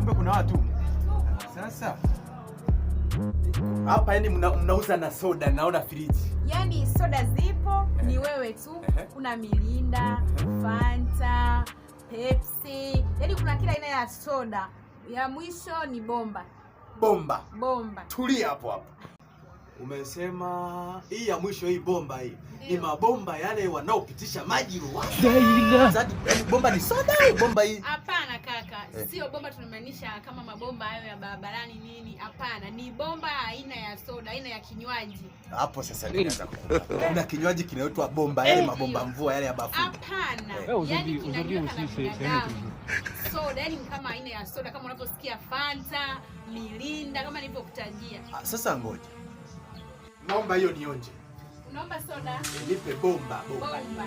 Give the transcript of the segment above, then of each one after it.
kumbe kuna watu sasa hapa yani mnauza na soda, naona friji. Yani soda zipo, ni wewe tu. Kuna milinda, Fanta, Pepsi, yani kuna kila aina ya soda. Ya mwisho ni bomba. Bomba, bomba. Tulia hapo hapo. Umesema hii ya mwisho, hii bomba, hii ni mabomba yale wanaopitisha maji. Bomba ni soda, bomba hii Eh. sio bomba tunamaanisha kama mabomba hayo ya barabarani nini, hapana, ni bomba aina ya soda, aina ya kinywaji. Hapo sasa ninaanza kukumbuka, kuna kinywaji kinaitwa bomba, yale eh. mabomba mvua yale ya bafu. Hapana, eh, Yaani kinajua kama binadamu soda, yani kama aina ya soda kama unavyosikia Fanta, Mirinda, kama nilivyokutajia. Ah, sasa ngoja, naomba hiyo nionje, naomba soda, nipe bomba bomba, bomba.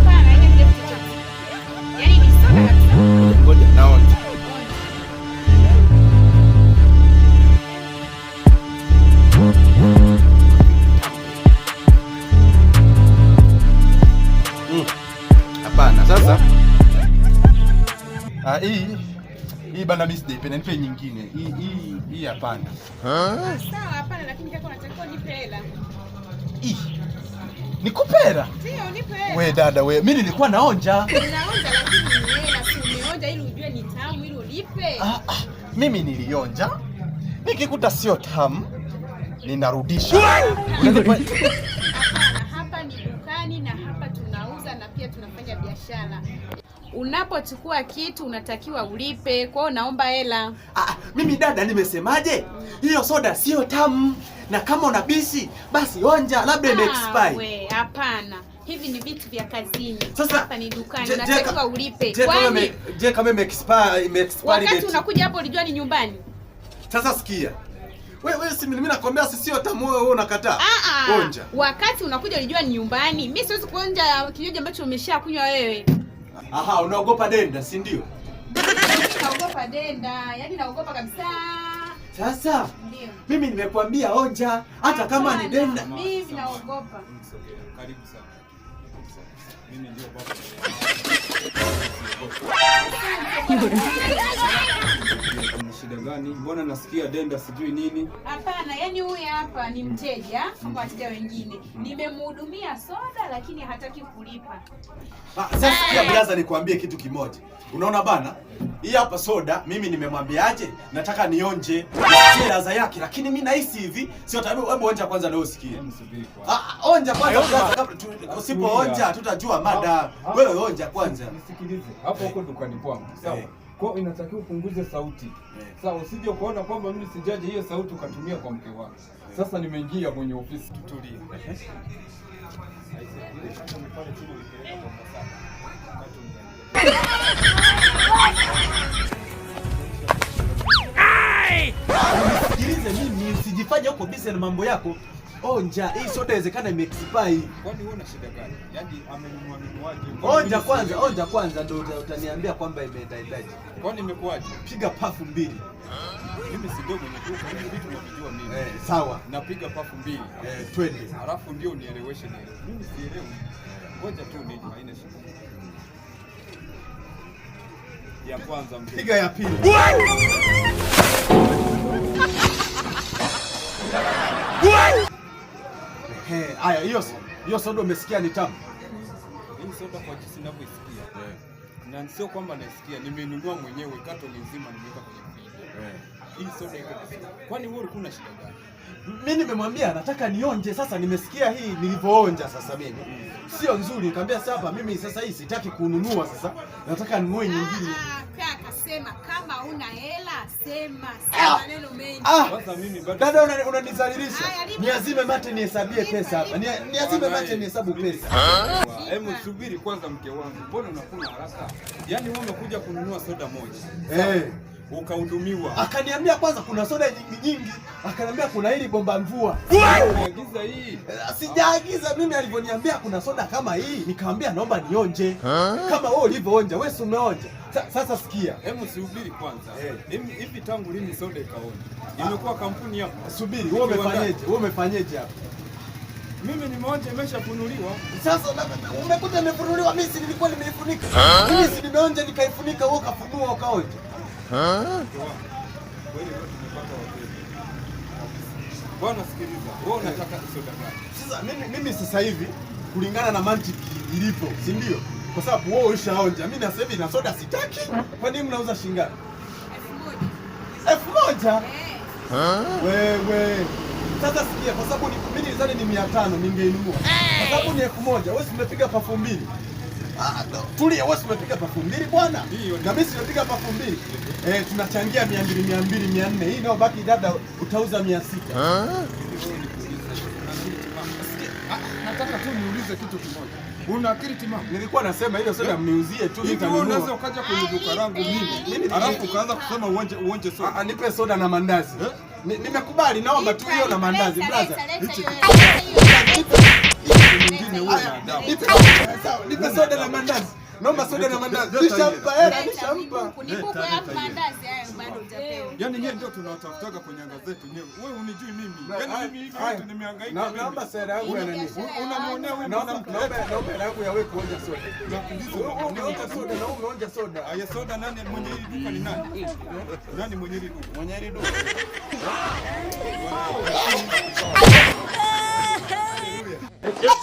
hii hii bana, mimi sijaipenda, penanipe nyingine hii hii hii. Hapana, sawa, hapana, lakini kaka unatakiwa nipe hela hii. Nikupe Ndio, nipe hela. Wewe dada wewe, mimi nilikuwa naonja. Naonja lakini ni hela, si umeonja ili ujue ni tamu ili ulipe. Ah, ah, mimi nilionja nikikuta sio tamu ninarudisha. unapochukua kitu unatakiwa ulipe, kwao naomba hela. Ah, ah, mimi dada, nimesemaje? Hiyo soda sio tamu, na kama una bisi basi onja, labda ime ah, expire. Hapana, hivi ni vitu vya kazini. Sasa hapa ni dukani, unatakiwa ulipe. Kwani je, kama ime expire, ime expire wakati unakuja hapo, ulijua ni nyumbani. Sasa sikia We, we, si mimi nakwambia si sio tamu, wewe unakataa. Ah ah. Onja wakati unakuja unijua ni nyumbani. Mimi siwezi kuonja kinywaji ambacho umeshakunywa wewe. Aha, unaogopa denda, si ndio? Naogopa denda, yani naogopa kabisa. Sasa ndio. Mimi nimekuambia onja, hata kama ni denda. Mimi naogopa. Karibu sana. Mimi ndio baba gani? Mbona nasikia denda sijui nini? Hapana, yani huyu hapa ni mteja mm. kwa wateja wengine. Mm. Nimemhudumia soda lakini hataki kulipa. Ah, sasa pia eh. brother, nikwambie kitu kimoja. Unaona bana? Hii hapa soda mimi nimemwambiaje? Nataka nionje. Si ladha yake, lakini mimi nahisi hivi sio tabu. Hebu onja kwanza na usikie. Ah, ah, onja kwanza brother, usipoonja tutajua mada. Wewe onja kwanza. Nisikilize. Hapo huko eh. dukani kwangu. Sawa. Eh kwao inatakiwa upunguze sauti yeah. Sasa usije kuona kwamba mimi sijaje hiyo sauti ukatumia kwa mke wako. Sasa nimeingia mwenye ofisi, tutulie Sikilize mimi, usijifanye huko busy na mambo yako. Onja, hii soda inawezekana imeexpire. Kwani wewe una shida gani? Yaani amenunua nunuaje? Onja kwanza, onja kwanza ndio utaniambia kwamba imeenda endaje. Kwani imekuaje? Piga pafu mbili. Mimi si ndio mwenye duka, hivi vitu unavijua mimi. Eh, sawa. Napiga pafu mbili. Eh, twende. Alafu ndio unieleweshe nini. Mimi sielewi. Ngoja tu nini, haina shida. Ya kwanza mbili Piga ya pili. Ehe, haya hiyo hiyo soda umesikia ni tamu. Hii soda kwa jinsi ninavyoisikia. Eh. Na sio kwamba naisikia, nimenunua mwenyewe katoni nzima nimeweka kwenye friji. Eh. Hii soda iko vizuri. Kwani wewe ulikuwa na shida gani? Mimi nimemwambia nataka nionje sasa, nimesikia hii nilivyoonja sasa mimi. Mm. Sio nzuri, nikamwambia sasa hapa mimi sasa hii sitaki kununua sasa. Nataka ninunue nyingine. Ah, ah, ah kusema kama una hela sema, sema ah! maneno mengi. Ah! Dada unanizalilisha, niazime mate nihesabie pesa hapa, niazime mate nihesabu pesa. Hebu subiri kwanza, mke wangu, mbona unakula haraka? Yaani wewe umekuja kununua soda moja. Eh ukahudumiwa. Akaniambia kwanza kuna soda nyingi nyingi, akaniambia kuna hili bomba mvua. Agiza hii, eh, sijaagiza mimi. Alivyoniambia kuna soda kama hii, nikamwambia naomba nionje kama wewe ulivyoonja. Wewe si umeonja? Sasa sikia, hebu subiri kwanza. Eh. Mimi hivi tangu lini soda ikaonja? Imekuwa kampuni hapo. Eh, subiri, wewe umefanyaje? Wewe umefanyaje hapo? Mimi nimeonja imeshafunuliwa. Sasa umekuta imefunuliwa, mimi si nilikuwa nimeifunika. Mimi si nimeonja nikaifunika, wewe ukafunua ukaonja. Mimi sasa hivi kulingana na mantiki ilipo, si ndio? Kwa sababu wewe ushaonja, mimi na sasa hivi na soda sitaki. Kwa nini mnauza shingapi? elfu moja wewe sasa sikia, kwa sababu mimi nilizani ni mia tano ningeinunua, kwa sababu ni elfu moja wewe umepiga pafu mbili Tulia, wewe umepiga pafu mbili bwana, na mimi simepiga pafu mbili. Eh, tunachangia mia mbili mia mbili mia nne hii nao baki, dada utauza mia sita. Nataka tu niulize kitu kimoja. Una akili timamu? Nilikuwa nasema hilo soda mniuzie tu nitanunua. Unaweza ukaja kwenye duka langu mimi, alafu ukaanza kusema uonje uonje soda. Ah, ah nipe soda na mandazi. Eh? Nimekubali, naomba tu hiyo na mandazi brother. Nipe soda na mandazi. Naomba soda na mandazi. Nishampa hela, eh, nishampa. Yaani nyewe ndio tunawatafutaga kwenye anga zetu nyewe. Wewe unijui mimi. Yaani mimi hivi vitu nimehangaika mimi. Naomba soda yangu ya nani? Unamuonea wewe mwanamke. Naomba naomba yangu ya wewe kuonja soda. Unaonja soda na umeonja soda. Aya soda nani mwenye hili duka ni nani? Nani mwenye hili duka? Mwenye hili duka.